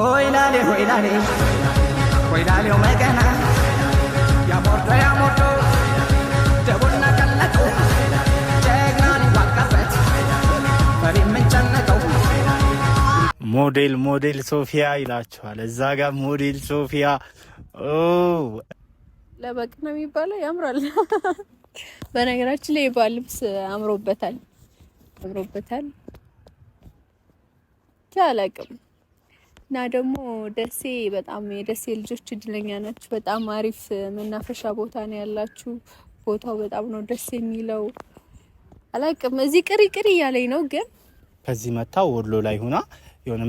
ሆይ ላሌ ሆይ ላሌ ሆይ ላሌው መገና ያሞርዶ ያሞርዶ ደቡና ቀለጡ ጀግናን ይዋጋበት ፈሪ የምንጨነቀው ሞዴል ሞዴል ሶፊያ ይላችኋል። እዛ ጋር ሞዴል ሶፊያ ለበቅ ነው የሚባለው። ያምራል። በነገራችን ላይ የባህል ልብስ አምሮበታል አምሮበታል። አላቅም። እና ደግሞ ደሴ በጣም የደሴ ልጆች እድለኛ ናችሁ። በጣም አሪፍ መናፈሻ ቦታ ነው ያላችሁ። ቦታው በጣም ነው ደስ የሚለው። አላቅም እዚህ ቅሪ ቅሪ እያለኝ ነው። ግን ከዚህ መታ ወሎ ላይ ሆና የሆነ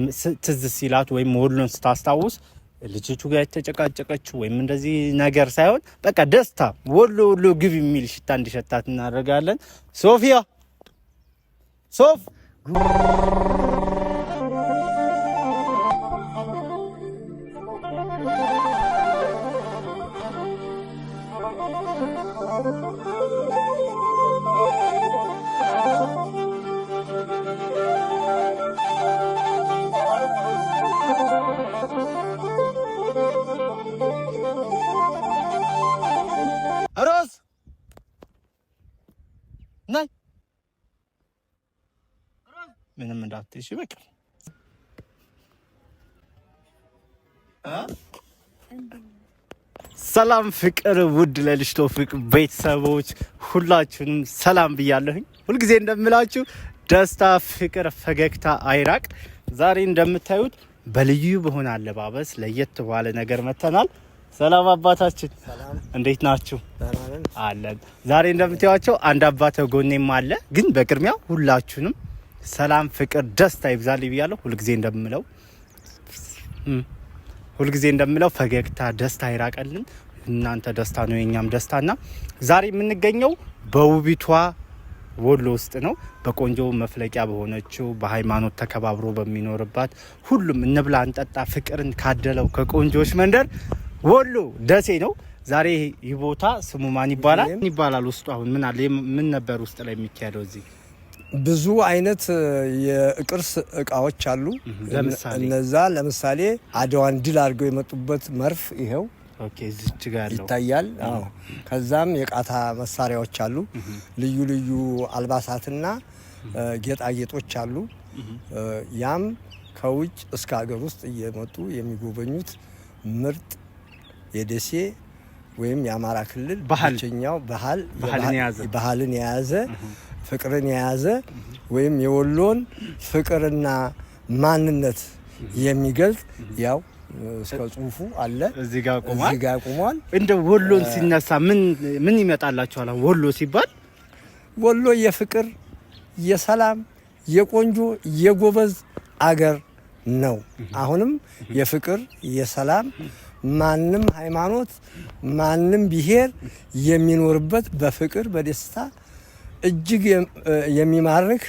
ትዝ ሲላት ወይም ወሎን ስታስታውስ ልጅቹ ጋር የተጨቃጨቀችው ወይም እንደዚህ ነገር ሳይሆን በቃ ደስታ ወሎ ወሎ ግብ የሚል ሽታ እንዲሸታት እናደርጋለን። ሶፊያ ሶፍ ሮዝ ናይ ምንም እንዳትሽ በቃ ሰላም ፍቅር፣ ውድ ለልሽቶ ፍቅር ቤተሰቦች ሁላችሁንም ሰላም ብያለሁኝ። ሁልጊዜ እንደምላችሁ ደስታ፣ ፍቅር፣ ፈገግታ አይራቅ። ዛሬ እንደምታዩት በልዩ በሆነ አለባበስ ለየት ባለ ነገር መጥተናል። ሰላም አባታችን፣ እንዴት ናችሁ? አለን። ዛሬ እንደምታዩዋቸው አንድ አባተ ጎኔም አለ። ግን በቅድሚያ ሁላችሁንም ሰላም፣ ፍቅር፣ ደስታ ይብዛልኝ ብያለሁ። ሁልጊዜ እንደምለው ሁልጊዜ እንደምለው ፈገግታ፣ ደስታ ይራቀልን። እናንተ ደስታ ነው የኛም ደስታና ዛሬ የምንገኘው በውቢቷ ወሎ ውስጥ ነው። በቆንጆ መፍለቂያ በሆነችው በሃይማኖት ተከባብሮ በሚኖርባት ሁሉም እንብላ እንጠጣ ፍቅርን ካደለው ከቆንጆዎች መንደር ወሎ ደሴ ነው። ዛሬ ይህ ቦታ ስሙ ማን ይባላል ይባላል? ውስጡ አሁን ምን አለ? ምን ነበር ውስጥ ላይ የሚካሄደው? እዚህ ብዙ አይነት የቅርስ እቃዎች አሉ። እነዛ ለምሳሌ አድዋን ድል አድርገው የመጡበት መርፍ ይኸው ይታያል። ከዛም የቃታ መሳሪያዎች አሉ። ልዩ ልዩ አልባሳትና ጌጣጌጦች አሉ። ያም ከውጭ እስከ ሀገር ውስጥ እየመጡ የሚጎበኙት ምርጥ የደሴ ወይም የአማራ ክልል ብቸኛው ባህል ባህልን የያዘ ፍቅርን የያዘ ወይም የወሎን ፍቅርና ማንነት የሚገልጽ ያው እስከ ጽሁፉ አለ እዚህ ጋር እዚህ ጋር እንደ ወሎን ሲነሳ ምን ምን ይመጣላችኋል? ወሎ ሲባል ወሎ የፍቅር የሰላም የቆንጆ የጎበዝ አገር ነው። አሁንም የፍቅር የሰላም ማንም ሃይማኖት፣ ማንም ብሔር የሚኖርበት በፍቅር በደስታ እጅግ የሚማርክ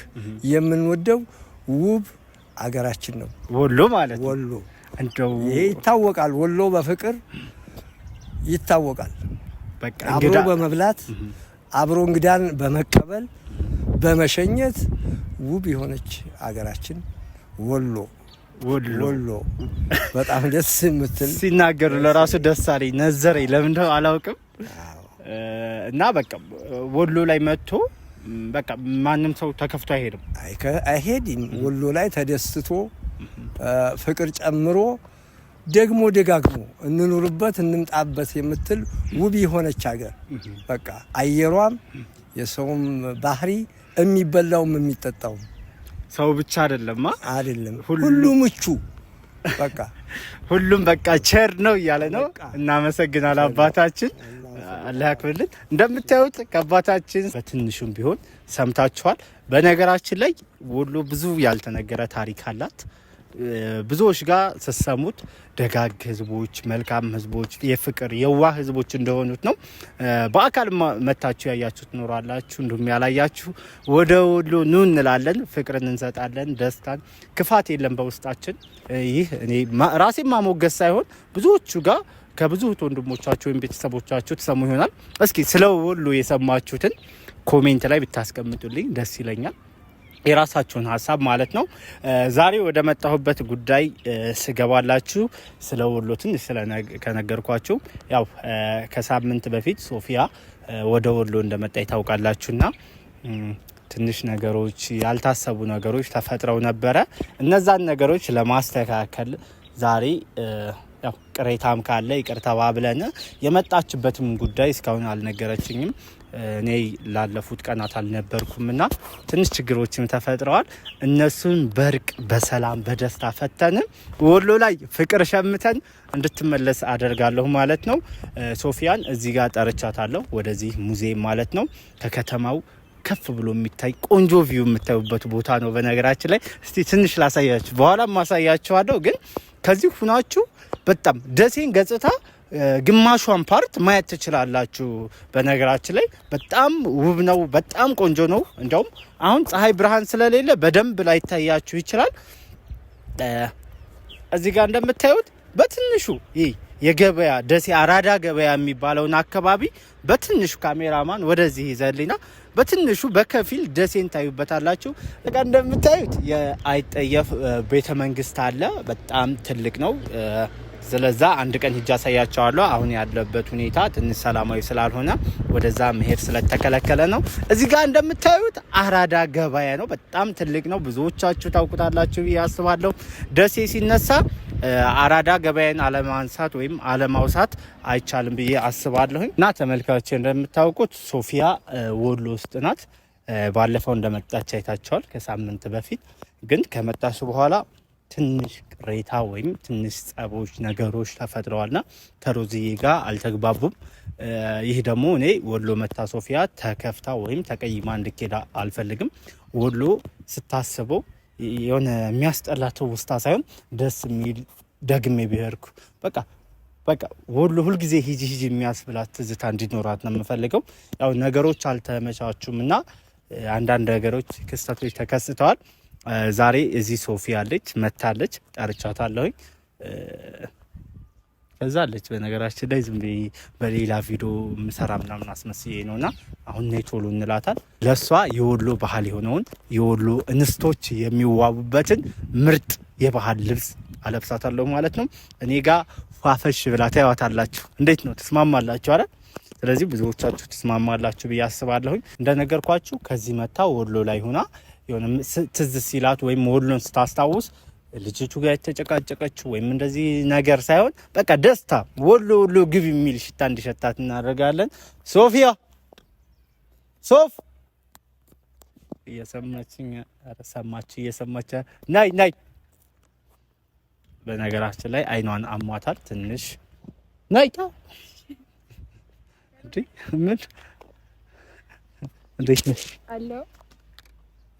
የምንወደው ውብ አገራችን ነው ወሎ ማለት ወሎ። እንደው ይሄ ይታወቃል። ወሎ በፍቅር ይታወቃል። በቃ አብሮ በመብላት አብሮ እንግዳን በመቀበል በመሸኘት ውብ የሆነች አገራችን ወሎ ወሎ በጣም ደስ የምትል ሲናገሩ ለራሱ ደስ አለኝ ነዘረኝ። ለምን አላውቅም። እና በቃ ወሎ ላይ መጥቶ በቃ ማንም ሰው ተከፍቶ አይሄድም አይሄድም። ወሎ ላይ ተደስቶ ፍቅር ጨምሮ ደግሞ ደጋግሞ እንኑርበት እንምጣበት የምትል ውብ የሆነች ሀገር በቃ አየሯም የሰውም ባህሪ የሚበላውም የሚጠጣውም ሰው ብቻ አይደለም አይደለም፣ ሁሉ ምቹ በቃ ሁሉም በቃ ቸር ነው እያለ ነው። እናመሰግናል አባታችን፣ አላህ ያክብርልን። እንደምታዩት ከአባታችን በትንሹም ቢሆን ሰምታችኋል። በነገራችን ላይ ወሎ ብዙ ያልተነገረ ታሪክ አላት። ብዙዎች ጋር ስሰሙት ደጋግ ህዝቦች፣ መልካም ህዝቦች፣ የፍቅር የዋህ ህዝቦች እንደሆኑት ነው። በአካል መታችሁ ያያችሁ ትኖራላችሁ፣ እንዲሁም ያላያችሁ ወደ ወሎ ኑ እንላለን። ፍቅርን እንሰጣለን፣ ደስታን፣ ክፋት የለም በውስጣችን። ይህ እኔ ራሴን ማሞገስ ሳይሆን ብዙዎቹ ጋር ከብዙ ወንድሞቻችሁ ወይም ቤተሰቦቻችሁ ትሰሙ ይሆናል። እስኪ ስለ ወሎ የሰማችሁትን ኮሜንት ላይ ብታስቀምጡልኝ ደስ ይለኛል። የራሳችሁን ሀሳብ ማለት ነው። ዛሬ ወደ መጣሁበት ጉዳይ ስገባላችሁ ስለ ወሎ ትንሽ ከነገርኳችሁ ያው ከሳምንት በፊት ሶፊያ ወደ ወሎ እንደመጣ ይታውቃላችሁና ትንሽ ነገሮች ያልታሰቡ ነገሮች ተፈጥረው ነበረ። እነዛን ነገሮች ለማስተካከል ዛሬ ያው ቅሬታም ካለ ይቅር ተባብለን የመጣችበትም ጉዳይ እስካሁን አልነገረችኝም። እኔ ላለፉት ቀናት አልነበርኩም ና ትንሽ ችግሮችም ተፈጥረዋል። እነሱን በእርቅ በሰላም በደስታ ፈተንም ወሎ ላይ ፍቅር ሸምተን እንድትመለስ አደርጋለሁ ማለት ነው። ሶፊያን እዚህ ጋር ጠርቻታለሁ፣ ወደዚህ ሙዚየም ማለት ነው ከከተማው ከፍ ብሎ የሚታይ ቆንጆ ቪው የምታዩበት ቦታ ነው። በነገራችን ላይ እስቲ ትንሽ ላሳያችሁ፣ በኋላም ማሳያችኋለሁ። ግን ከዚህ ሁናችሁ በጣም ደሴን ገጽታ ግማሿን ፓርት ማየት ትችላላችሁ። በነገራችን ላይ በጣም ውብ ነው፣ በጣም ቆንጆ ነው። እንዲያውም አሁን ፀሐይ ብርሃን ስለሌለ በደንብ ላይታያችሁ ይችላል። እዚህ ጋር እንደምታዩት በትንሹ ይህ የገበያ ደሴ አራዳ ገበያ የሚባለውን አካባቢ በትንሹ ካሜራማን ወደዚህ ይዘልና በትንሹ በከፊል ደሴን ታዩበታላችሁ። ጋ እንደምታዩት የአይጠየፍ ቤተ መንግስት አለ። በጣም ትልቅ ነው። ስለዛ አንድ ቀን ሂጅ አሳያቸዋለሁ። አሁን ያለበት ሁኔታ ትንሽ ሰላማዊ ስላልሆነ ወደዛ መሄድ ስለተከለከለ ነው። እዚህ ጋር እንደምታዩት አራዳ ገበያ ነው። በጣም ትልቅ ነው። ብዙዎቻችሁ ታውቁታላችሁ ብዬ አስባለሁ። ደሴ ሲነሳ አራዳ ገበያን አለማንሳት ወይም አለማውሳት አይቻልም ብዬ አስባለሁኝ እና ተመልካቾች እንደምታውቁት ሶፊያ ወሎ ውስጥ ናት። ባለፈው እንደመጣች አይታቸዋል ከሳምንት በፊት ግን ከመጣሱ በኋላ ትንሽ ቅሬታ ወይም ትንሽ ጸቦች ነገሮች ተፈጥረዋልና ከሮዝዬ ጋር አልተግባቡም። ይህ ደግሞ እኔ ወሎ መታ ሶፊያ ተከፍታ ወይም ተቀይማ እንድኬዳ አልፈልግም። ወሎ ስታስበው የሆነ የሚያስጠላተው ውስታ ሳይሆን ደስ የሚል ደግሜ ብሄርኩ በቃ በቃ ወሎ ሁልጊዜ ሂጂ ሂጂ የሚያስብላት ትዝታ እንዲኖራት ነው የምፈልገው። ያው ነገሮች አልተመቻቹም እና አንዳንድ ነገሮች ክስተቶች ተከስተዋል። ዛሬ እዚህ ሶፊ አለች መታለች፣ ጠርቻታለሁኝ ከዛ አለች። በነገራችን ላይ ዝም ብዬ በሌላ ቪዲዮ ምሰራ ምናምን አስመስዬ ነው እና አሁን ነይ ቶሎ እንላታል። ለእሷ የወሎ ባህል የሆነውን የወሎ እንስቶች የሚዋቡበትን ምርጥ የባህል ልብስ አለብሳታለሁ ማለት ነው። እኔ ጋ ፏፈሽ ብላ ታያዋታላችሁ። እንዴት ነው ትስማማላችሁ? አለ ስለዚህ ብዙዎቻችሁ ትስማማላችሁ ብዬ አስባለሁኝ። እንደነገርኳችሁ ከዚህ መታ ወሎ ላይ ሆና የሆነ ትዝ ሲላት ወይም ወሎን ስታስታውስ ልጆቹ ጋር የተጨቃጨቀች ወይም እንደዚህ ነገር ሳይሆን በቃ ደስታ ወሎ ወሎ ግብ የሚል ሽታ እንዲሸታት እናደርጋለን። ሶፊያ ሶፍ እየሰማችኝ ሰማች እየሰማች ናይ ናይ። በነገራችን ላይ አይኗን አሟታል ትንሽ ናይ ምን እንዴት ነሽ?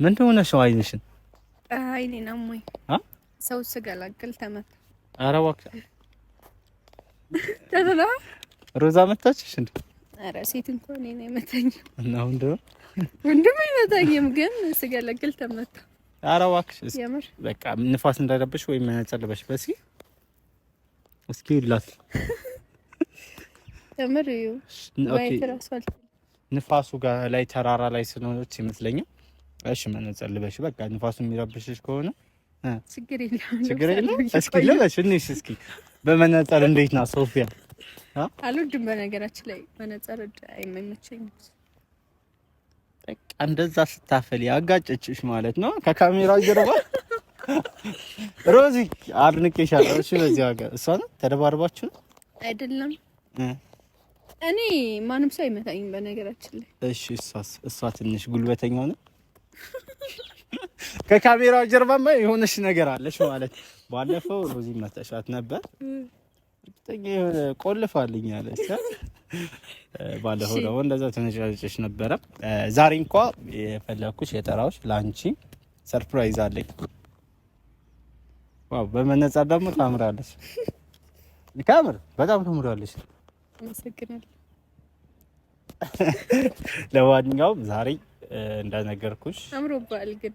ምን ሆነሽ ነው አይንሽን? አይኔን አሞኝ ሰው ስገላግል ተመታ። ኧረ እባክህ ተደላ ሮዛ መታችሽ እንዴ? ኧረ ሴት እንኳን እኔ ነኝ መታኝ እና ወንድ ወንድ አይመታኝም፣ ግን ስገላግል ተመታ። ኧረ እባክሽ የምር በቃ ንፋስ እንዳይረብሽ ወይ ምን ያጸልበሽ በስኪ እስኪ ይላት የምር ይው ንፋሱ ጋር ላይ ተራራ ላይ ስለሆነች ይመስለኛል እሺ መነጽር ልበሽ። በቃ ንፋሱ የሚረብሽሽ ከሆነ ችግር የለም ችግር የለም። እስኪ ልበሽ እንሽ እስኪ በመነጽር እንዴት ናት ሶፊያ? አልወድም በነገራችን ላይ መነጽር አይመቸኝም። በቃ እንደዛ ስታፈል ያጋጨችሽ ማለት ነው። ከካሜራ ጀርባ ሮዚ አድንቄሻለሁ። እሺ በዚህ ዋጋ እሷ ነው ተደባርባችሁ አይደለም እኔ ማንም ሰው አይመታኝም በነገራችን ላይ። እሺ እሷ እሷ ትንሽ ጉልበተኛ ነው ከካሜራ ጀርባማ የሆነች ነገር አለች ማለት። ባለፈው ሮዚ መተሻት ነበር እርግጠኛ የሆነ ቆልፋልኝ አለች። ባለፈው ደግሞ እንደዛ ተነጫጭሽ ነበረ። ዛሬ እንኳ የፈለግኩሽ የጠራሁሽ ለአንቺ ሰርፕራይዝ አለኝ። ዋው በመነጻ ደግሞ ታምራለች። ከምር በጣም ታምራለች። አመሰግናለሁ። ለማንኛውም ዛሬ እንዳነገርኩሽ አምሮባል ግን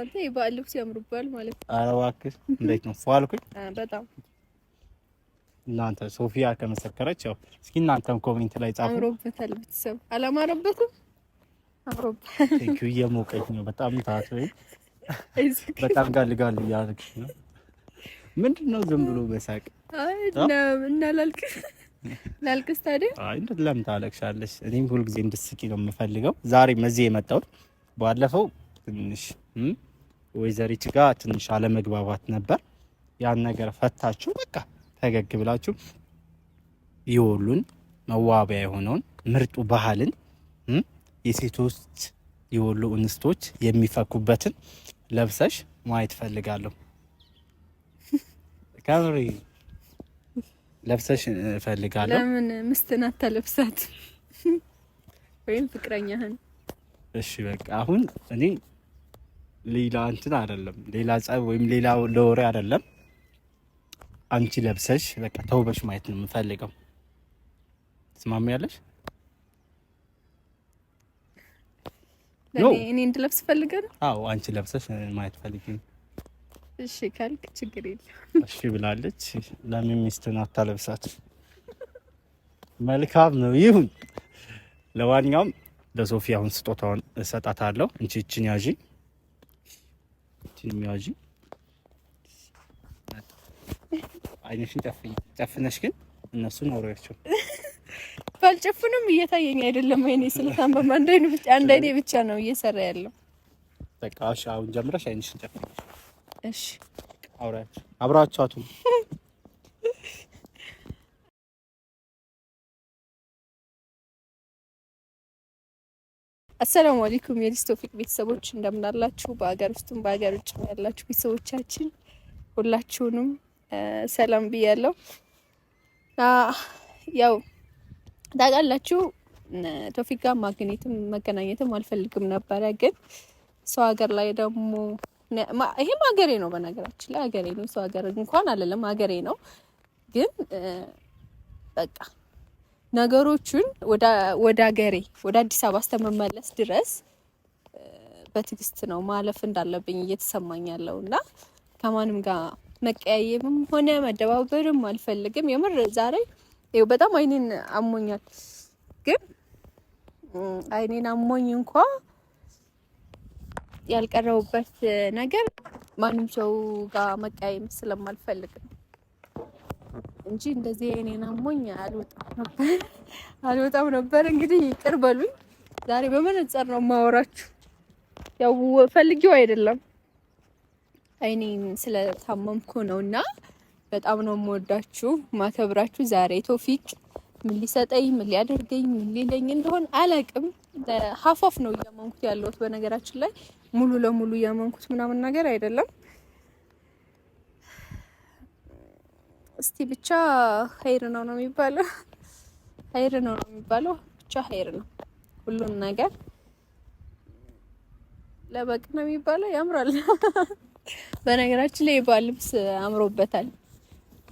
አንተ የበዓል ልብስ ያምሩባል ማለት ነው። ኧረ እባክሽ እንዴት ነው ፏልኩኝ። በጣም እናንተ ሶፊያ ከመሰከረች ያው እስኪ እናንተም ኮሜንት ላይ ጻፉ። አምሮበታል። ቤተሰብ አላማረበትም? አምሮባል። ቴንክ ዩ። እየሞቀች ነው በጣም ታቶ በጣም ጋል ጋል እያደረግሽ ነው። ምንድን ነው ዝም ብሎ በሳቅ አይ እና እናላልክ ላልቅስ ታዲያ? አይ ለምን ታለቅሻለሽ? እኔም ሁልጊዜ እንድትስቂ ነው የምፈልገው። የመጣሁት ባለፈው ትንሽ ወይዘሪት ጋር ትንሽ አለመግባባት ነበር። ያን ነገር ፈታችሁ በቃ ፈገግ ብላችሁ የወሉን መዋቢያ የሆነውን ምርጡ ባህልን የሴቶች የወሎ እንስቶች የሚፈኩበትን ለብሰሽ ማየት ፈልጋለሁ። ለብሰሽ እፈልጋለሁ። ለምን ምስትን አታለብሳት? ወይም ፍቅረኛህን? እሺ በቃ አሁን እኔ ሌላ እንትን አይደለም፣ ሌላ ጸብ ወይም ሌላ ለወሬ አይደለም። አንቺ ለብሰሽ በቃ ተውበሽ ማየት ነው የምፈልገው። ትስማሚያለሽ? እኔ እንድለብስ ፈልገን? አዎ አንቺ ለብሰሽ ማየት ፈልገኝ እሺ ካልክ ችግር የለም። እሺ ብላለች። ለምን ሚስትን አታለብሳት? መልካም ነው ይሁን። ለማንኛውም ለሶፊ አሁን ስጦታውን እሰጣታለሁ። እንቺ እችን ያዢ፣ እችን ያዢ። አይንሽን ጨፍነሽ ግን እነሱን አውሪያቸው። ባልጨፍንም እየታየኝ አይደለም። አይኔ ስልታን በማንዳይ ነው። አንድ አይኔ ብቻ ነው እየሰራ ያለው። በቃ አሁን ጀምረሽ አይነሽን ጨፍነሽ እሺ አብራችኋቱ አሰላሙ አለይኩም የሊስ ቶፊቅ ቤተሰቦች እንደምናላችሁ፣ በሀገር ውስጥም በሀገር ውጭ ያላችሁ ቤተሰቦቻችን ሁላችሁንም ሰላም ብያለሁ። ያው ታውቃላችሁ ቶፊቅ ጋር ማግኘትም መገናኘትም አልፈልግም ነበረ፣ ግን ሰው ሀገር ላይ ደግሞ ይሄም ሀገሬ ነው። በነገራችን ላይ ሀገሬ ነው። ሰው ሀገር እንኳን አለለም ሀገሬ ነው። ግን በቃ ነገሮቹን ወደ ሀገሬ ወደ አዲስ አበባ እስከመመለስ ድረስ በትዕግስት ነው ማለፍ እንዳለብኝ እየተሰማኝ ያለው እና ከማንም ጋር መቀያየምም ሆነ መደባበርም አልፈልግም። የምር ዛሬ ይኸው በጣም አይኔን አሞኛል። ግን አይኔን አሞኝ እንኳ ያልቀረቡበት ነገር ማንም ሰው ጋር መቀያየም ስለማልፈልግ ነው እንጂ እንደዚህ እኔን አሞኝ አልወጣም ነበር አልወጣም ነበር። እንግዲህ ይቅር በሉኝ። ዛሬ በመነጽር ነው ማወራችሁ። ያው ፈልጊው አይደለም አይኔ ስለታመምኩ ነው እና በጣም ነው የምወዳችሁ ማከብራችሁ። ዛሬ ቶፊቅ ምን ሊሰጠኝ ምን ሊያደርገኝ ምን ሊለኝ እንደሆን አላቅም። ሀፋፍ ነው እያመንኩት ያለሁት በነገራችን ላይ ሙሉ ለሙሉ እያመንኩት ምናምን ነገር አይደለም። እስቲ ብቻ ኸይር ነው ነው የሚባለው፣ ኸይር ነው ነው የሚባለው፣ ብቻ ኸይር ነው ሁሉን ነገር ለበቅ ነው የሚባለው። ያምራል። በነገራችን ላይ የባል ልብስ አምሮበታል፣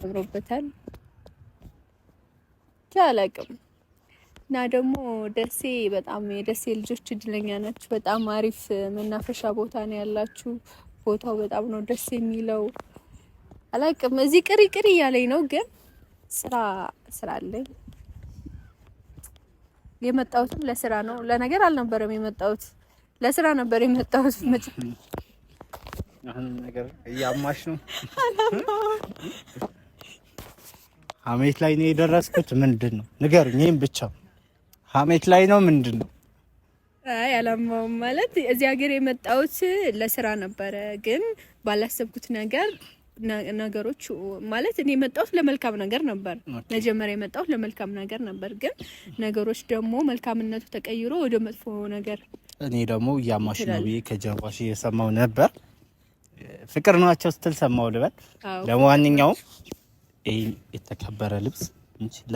አምሮበታል ቻላቅም እና ደግሞ ደሴ በጣም የደሴ ልጆች እድለኛ ናችሁ። በጣም አሪፍ መናፈሻ ቦታ ነው ያላችሁ። ቦታው በጣም ነው ደስ የሚለው። አላቅም እዚህ ቅሪ ቅሪ እያለኝ ነው፣ ግን ስራ ስራ አለኝ። የመጣሁትም ለስራ ነው። ለነገር አልነበረም የመጣሁት ለስራ ነበር የመጣሁት። አሁን ነገር እያማሽ ነው። ሀሜት ላይ ነው የደረስኩት። ምንድን ነው ንገሩኝ፣ ይህም ብቻ ሀሜት ላይ ነው ምንድን ነው? አይ አላማውም ማለት እዚህ ሀገር የመጣሁት ለስራ ነበረ፣ ግን ባላሰብኩት ነገር ነገሮች ማለት እኔ የመጣሁት ለመልካም ነገር ነበር። መጀመሪያ የመጣሁት ለመልካም ነገር ነበር፣ ግን ነገሮች ደግሞ መልካምነቱ ተቀይሮ ወደ መጥፎ ነገር እኔ ደግሞ እያማሽ ነው ብዬ ከጀርባሽ የሰማው ነበር። ፍቅር ናቸው ስትል ሰማው ልበል። ለማንኛውም ይህ የተከበረ ልብስ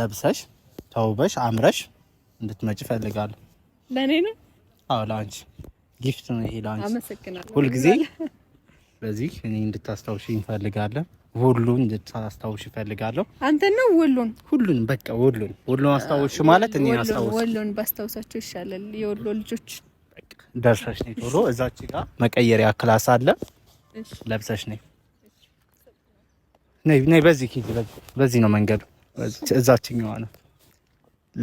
ለብሰሽ ተውበሽ አምረሽ እንድትመጭ ፈልጋለሁ። ለእኔ ነው? አዎ ለአንቺ ጊፍት ነው ይሄ ለአንቺ። አመሰግናለሁ። ሁልጊዜ በዚህ እኔ እንድታስታውሽ እንፈልጋለን። ወሎን እንድታስታውሽ እፈልጋለሁ። አንተ ነው ወሎን፣ ሁሉን በቃ ወሎን፣ ወሎን አስታውሽ ማለት እኔ አስታውሽ፣ ወሎን ባስታውሳቸው ይሻላል። የወሎ ልጆች በቃ ደርሰሽ ነይ ቶሎ። እዛች ጋር መቀየሪያ ክላስ አለ፣ እሺ ለብሰሽ ነይ ነይ ነይ። በዚህ ኪድ በዚህ ነው መንገዱ፣ እዛችኛዋ ነው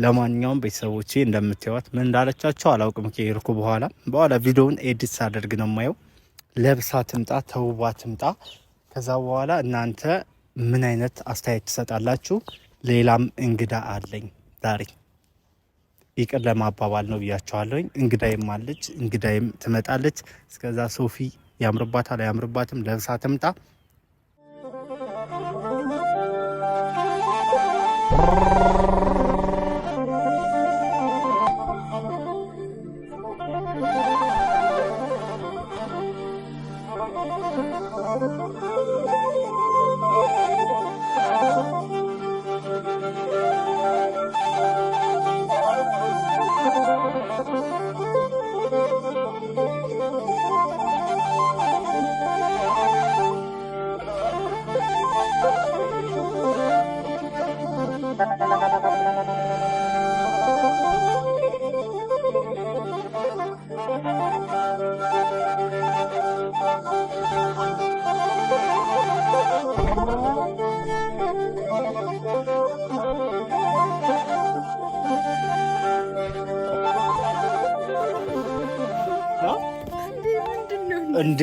ለማንኛውም ቤተሰቦቼ እንደምትዋት ምን እንዳለቻቸው አላውቅም። ከሄድኩ በኋላ በኋላ ቪዲዮውን ኤዲት ሳደርግ ነው የማየው። ለብሳ ትምጣ፣ ተውባ ትምጣ። ከዛ በኋላ እናንተ ምን አይነት አስተያየት ትሰጣላችሁ? ሌላም እንግዳ አለኝ ዛሬ ይቅር ለማባባል ነው ብያቸዋለሁኝ። እንግዳይም አለች፣ እንግዳይም ትመጣለች። እስከዛ ሶፊ ያምርባታል አያምርባትም፣ ለብሳ ትምጣ።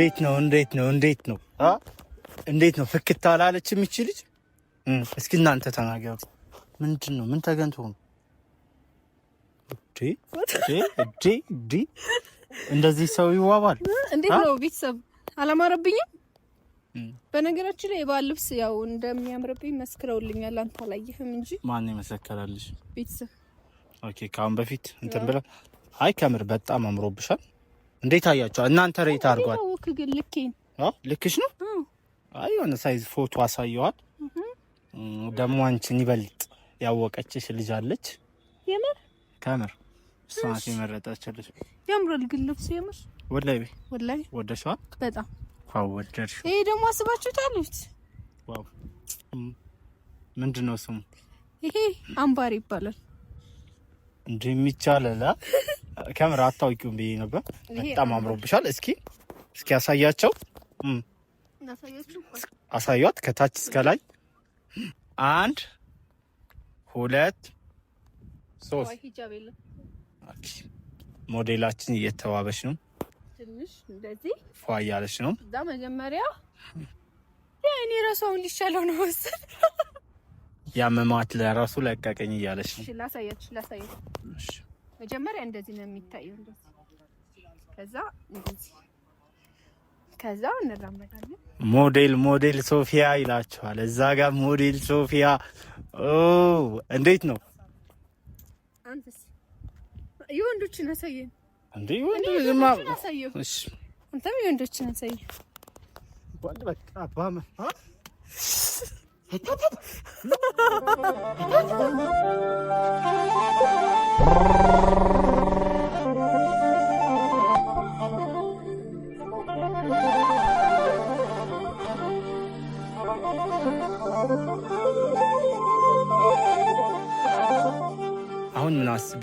እንዴት ነው እንዴት ነው እንዴት ነው እንዴት ነው ፍክት አላለች የሚች ልጅ? እስኪ እናንተ ተናገሩ። ምንድን ነው ምን ተገንቶ ነው እንደዚህ ሰው ይዋባል? እንዴት ነው ቤተሰብ አላማረብኝም። በነገራችን ላይ የባህል ልብስ ያው እንደሚያምርብኝ መስክረውልኛል። አንተ አላየህም እንጂ ማን ይመሰከራልሽ ቤተሰብ ኦኬ። ከአሁን በፊት እንትን ብላ አይ ከምር በጣም አምሮብሻል። እንዴት አያቸው እናንተ ሬት አድርጓል ልክ ግን ልኬን ልክሽ ነው። አይ የሆነ ሳይዝ ፎቶ አሳየዋል። ደግሞ አንቺን ይበልጥ ያወቀችሽ ልጅ አለች። የምር ከምር እሷ ናት የመረጠችልሽ። ያምራል ግን ልብሱ የምር ወላይ ወላይ ወደሽዋል በጣም ዋው ወደድሽ። ይሄ ደግሞ አስባችሁታል። ዋው ምንድን ነው ስሙ? ይሄ አምባር ይባላል። እንደሚቻለላ ከምር አታውቂውም ብዬ ነበር። በጣም አምሮብሻል። እስኪ እስኪ አሳያቸው። አሳዩት ከታች እስከ ላይ። አንድ ሁለት ሶስት። ሞዴላችን እየተዋበች ነው፣ ፏ እያለች ነው። እዛ መጀመሪያ እኔ ራሱ ሊሻለው ነው መሰል ያመማት ለራሱ ለቀቀኝ እያለች ነው። ላሳያችሁ ላሳያችሁ። መጀመሪያ እንደዚህ ነው የሚታየው፣ ከዛ እንደዚህ ከዛ እንራመዳለን። ሞዴል ሞዴል ሶፊያ ይላችኋል። እዛ ጋር ሞዴል ሶፊያ እንዴት ነው? የወንዶችን አሳየን። አንተም የወንዶችን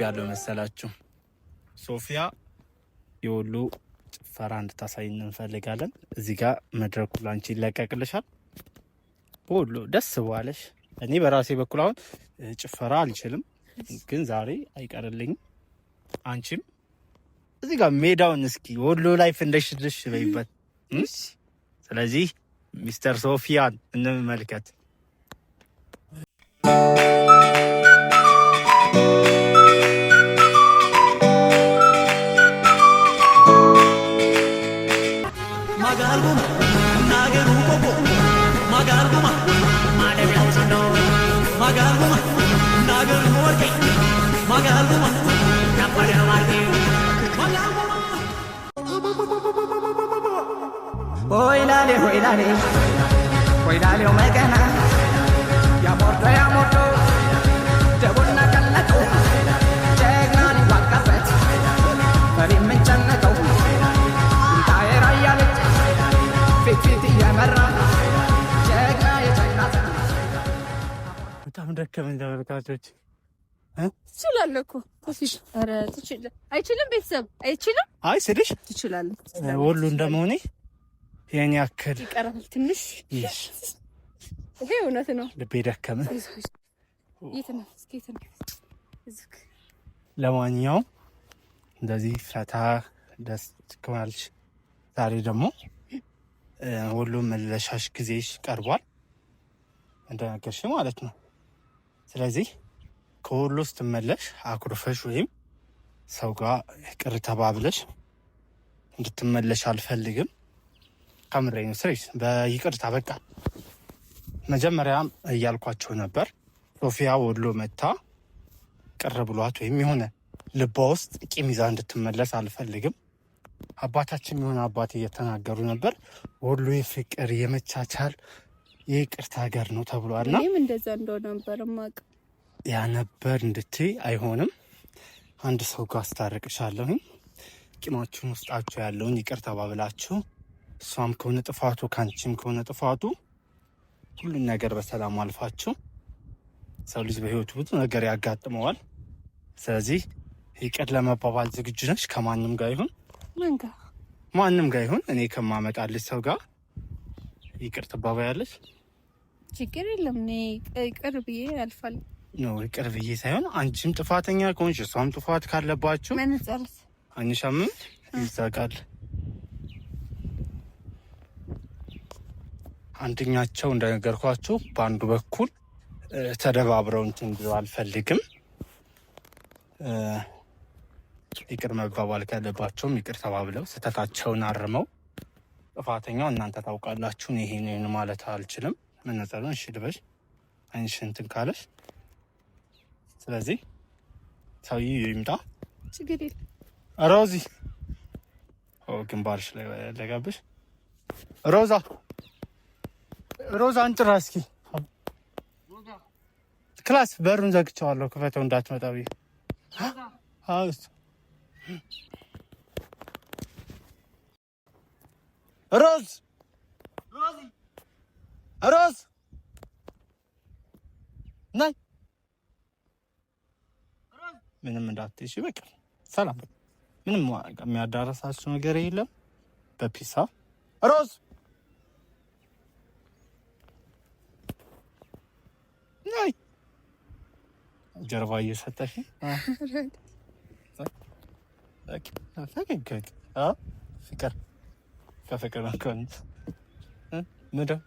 አድርጋለሁ መሰላችሁ። ሶፊያ የወሎ ጭፈራ እንድታሳይን እንፈልጋለን። እዚህ ጋር መድረኩ ላንቺ ይለቀቅልሻል። በወሎ ደስ በዋለሽ። እኔ በራሴ በኩል አሁን ጭፈራ አልችልም፣ ግን ዛሬ አይቀርልኝም። አንቺም እዚህ ጋር ሜዳውን እስኪ ወሎ ላይ ፍንደሽድሽ በይበት። ስለዚህ ሚስተር ሶፊያን እንመልከት። Cuidale, cuidale o me gana. Ya mordo, ya mordo. ደቡና ቀለጠው ጀግናን ይዋጋበት መሪ የምንጨነቀው ጣየራ እያለች ፊት ፊት እየመራ ጀግና የጀግና በጣም ደከመኝ ተመልካቾች። ትችላለህ እኮ ኮፊሽ። ኧረ አይችልም፣ ቤተሰብ አይችልም። አይ ስልሽ ትችላለህ፣ ወሎ እንደመሆኔ ይህን ያክል ይቀራል። ትንሽ ይሄ እውነት ነው። ልቤ ደከመ። ለማንኛውም እንደዚህ ፈታ ደስ ትክማለች። ዛሬ ደግሞ ወሎ መለሻሽ ጊዜሽ ቀርቧል እንደነገርሽ ማለት ነው። ስለዚህ ከሁሉ ስትመለሽ አኩርፈሽ ወይም ሰው ጋር ቅር ተባብለሽ እንድትመለሽ አልፈልግም። ከምሬን ስሬሽ በይቅርታ በቃ መጀመሪያም እያልኳቸው ነበር። ሶፊያ ወሎ መታ ቅር ብሏት ወይም የሆነ ልቧ ውስጥ ቂም ይዛ እንድትመለስ አልፈልግም። አባታችን የሆነ አባት እየተናገሩ ነበር። ወሎ የፍቅር የመቻቻል የይቅርታ ሀገር ነው ተብሏል። ና እኔም እንደዛ እንደው ነበር ማቅ ያ ነበር እንድትይ አይሆንም። አንድ ሰው ጋር አስታርቅሻለሁኝ ቂማችሁን ውስጣችሁ ያለውን ይቅርታ ባብላችሁ እሷም ከሆነ ጥፋቱ ከአንቺም ከሆነ ጥፋቱ ሁሉን ነገር በሰላም አልፋችሁ ሰው ልጅ በህይወቱ ብዙ ነገር ያጋጥመዋል። ስለዚህ ይቅር ለመባባል ዝግጁ ነች? ከማንም ጋር ይሁን ማንም ጋር ይሁን እኔ ከማመጣልሽ ሰው ጋር ይቅር ትባባያለች። ችግር የለም። እኔ ይቅር ብዬ ያልፋል ነው ይቅር ብዬ ሳይሆን አንቺም ጥፋተኛ ከሆንሽ እሷም ጥፋት ካለባችሁ አንሻምም ይዛቃል። አንደኛቸው እንደነገርኳችሁ በአንዱ በኩል ተደባብረው እንትን አልፈልግም። ይቅር መባባል ካለባቸውም ይቅር ተባብለው ስህተታቸውን አርመው ጥፋተኛው እናንተ ታውቃላችሁ። ይሄንን ማለት አልችልም። መነጸሩን እሺ ልበሽ፣ አይንሽን እንትን ካለሽ ስለዚህ ሰውዬው ይምጣ። ችግር የለም። ሮዚ ግንባርሽ ላይ ለጋብሽ ሮዛ ሮዛ አንጥራ እስኪ ክላስ በሩን ዘግቼዋለሁ። ክፈተው እንዳትመጣ ብዬ ሮዝ ሮዝ ናይ ምንም እንዳትሽ በቃ ሰላም። ምንም የሚያዳረሳችሁ ነገር የለም። በፒሳ ሮዝ ጀርባ እየሰጠሽ ፍቅር ከፍቅር ምንድን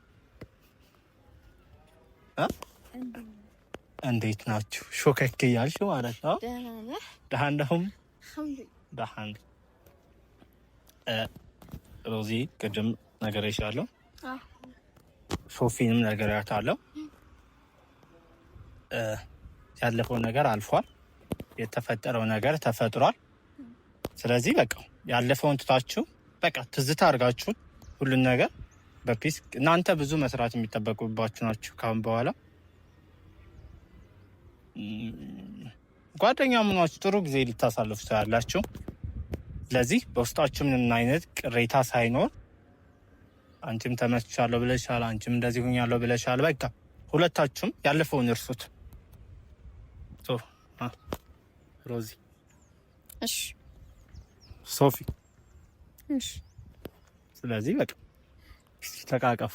እንዴት ናችሁ? ሾከክ እያልሽ ማለት ነው። ደህና እንደሁም ደህና ሮዚ ቅድም ነገር ይሻለሁ ሶፊንም ነገር ያታለው ያለፈው ነገር አልፏል። የተፈጠረው ነገር ተፈጥሯል። ስለዚህ በቃ ያለፈውን ትታችሁ በቃ ትዝታ አድርጋችሁን ሁሉን ነገር በፒስ እናንተ ብዙ መስራት የሚጠበቁባችሁ ናችሁ። ካሁን በኋላ ጓደኛ ምኗችሁ ጥሩ ጊዜ ልታሳልፉ ያላችሁ። ስለዚህ በውስጣችሁ ምንም አይነት ቅሬታ ሳይኖር አንቺም ተመስቻለሁ ብለሻል፣ አንቺም እንደዚህ ሁኛለሁ ብለሻል። በቃ ሁለታችሁም ያለፈውን እርሱት። ሮዚ እሺ፣ ሶፊ እሺ። ስለዚህ በቃ ተቃቀፍ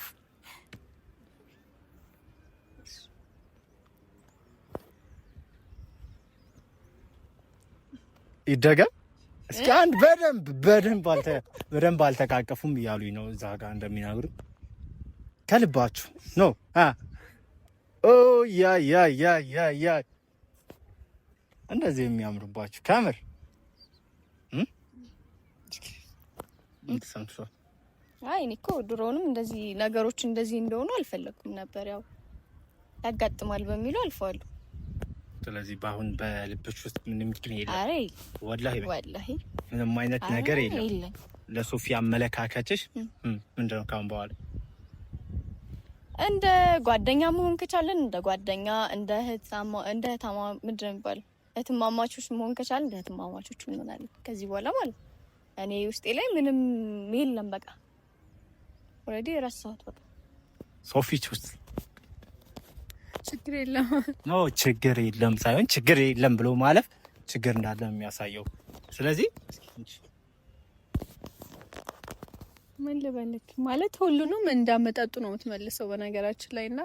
ይደገም እስኪ አንድ በደንብ በደንብ አልተ በደንብ አልተቃቀፉም እያሉኝ ነው እዛ ጋር እንደሚናግሩ ከልባችሁ ነው ኦ ያ ያ ያ ያ ያ እንደዚህ የሚያምርባችሁ ከምር አይ እኔ እኮ ድሮውንም እንደዚህ ነገሮች እንደዚህ እንደሆኑ አልፈለኩም ነበር። ያው ያጋጥማል በሚሉ አልፈዋሉ። ስለዚህ በአሁን በልብሽ ውስጥ ምንም ግን የለም። ወላሂ ወላሂ ምንም አይነት ነገር የለም። ለሶፊ አመለካከትሽ ምንድን ነው? ካሁን በኋላ እንደ ጓደኛ መሆን ከቻለን እንደ ጓደኛ እንደ እህት እንደ ታማ ምንድን ነው የሚባለው እህትማማቾች መሆን ከቻል እንደ እህትማማቾች እንሆናለን ከዚህ በኋላ ማለት እኔ ውስጤ ላይ ምንም የለም። በቃ ኦልሬዲ ረሳሁት። በቃ ሶፊች ውስጥ ችግር የለም ኖ ችግር የለም ሳይሆን ችግር የለም ብሎ ማለፍ ችግር እንዳለ የሚያሳየው ስለዚህ ምን ልበልክ ማለት ሁሉንም እንዳመጣጡ ነው የምትመልሰው። በነገራችን ላይ እና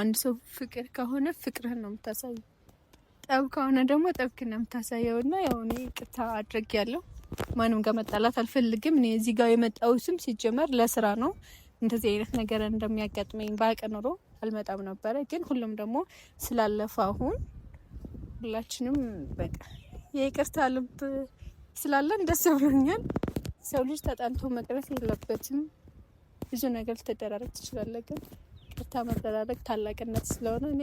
አንድ ሰው ፍቅር ከሆነ ፍቅርህን ነው የምታሳየው። ጠብ ከሆነ ደግሞ ጠብክ ነው የምታሳየው። እና ያው እኔ ቅታ አድረግ ያለው ማንም ጋር መጣላት አልፈልግም። እኔ እዚህ ጋር ስም ሲጀመር ለስራ ነው። እንደዚህ አይነት ነገር እንደሚያጋጥመኝ ባቀ ኖሮ አልመጣም ነበረ። ግን ሁሉም ደግሞ ስላለፈ አሁን ሁላችንም በቃ የይቅርታ ልብ ስላለን ደስ ብሎኛል። ሰው ልጅ ተጣልቶ መቅረት የለበትም። ብዙ ነገር ልትደራረግ ትችላለህ፣ ግን መደራረግ ታላቅነት ስለሆነ እኔ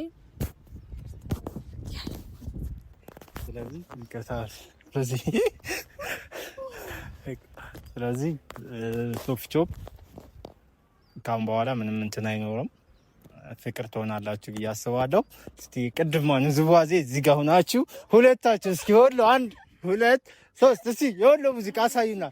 ስለዚህ ስለዚህ ካሁን በኋላ ምንም እንትን አይኖርም። ፍቅር ትሆናላችሁ ብዬ አስባለሁ። እስቲ ቅድም ማንም እዚህ ጋር ሆናችሁ ሁለታችሁ እስኪ ወሎ አንድ ሁለት ሶስት እስቲ የወሎ ሙዚቃ አሳዩና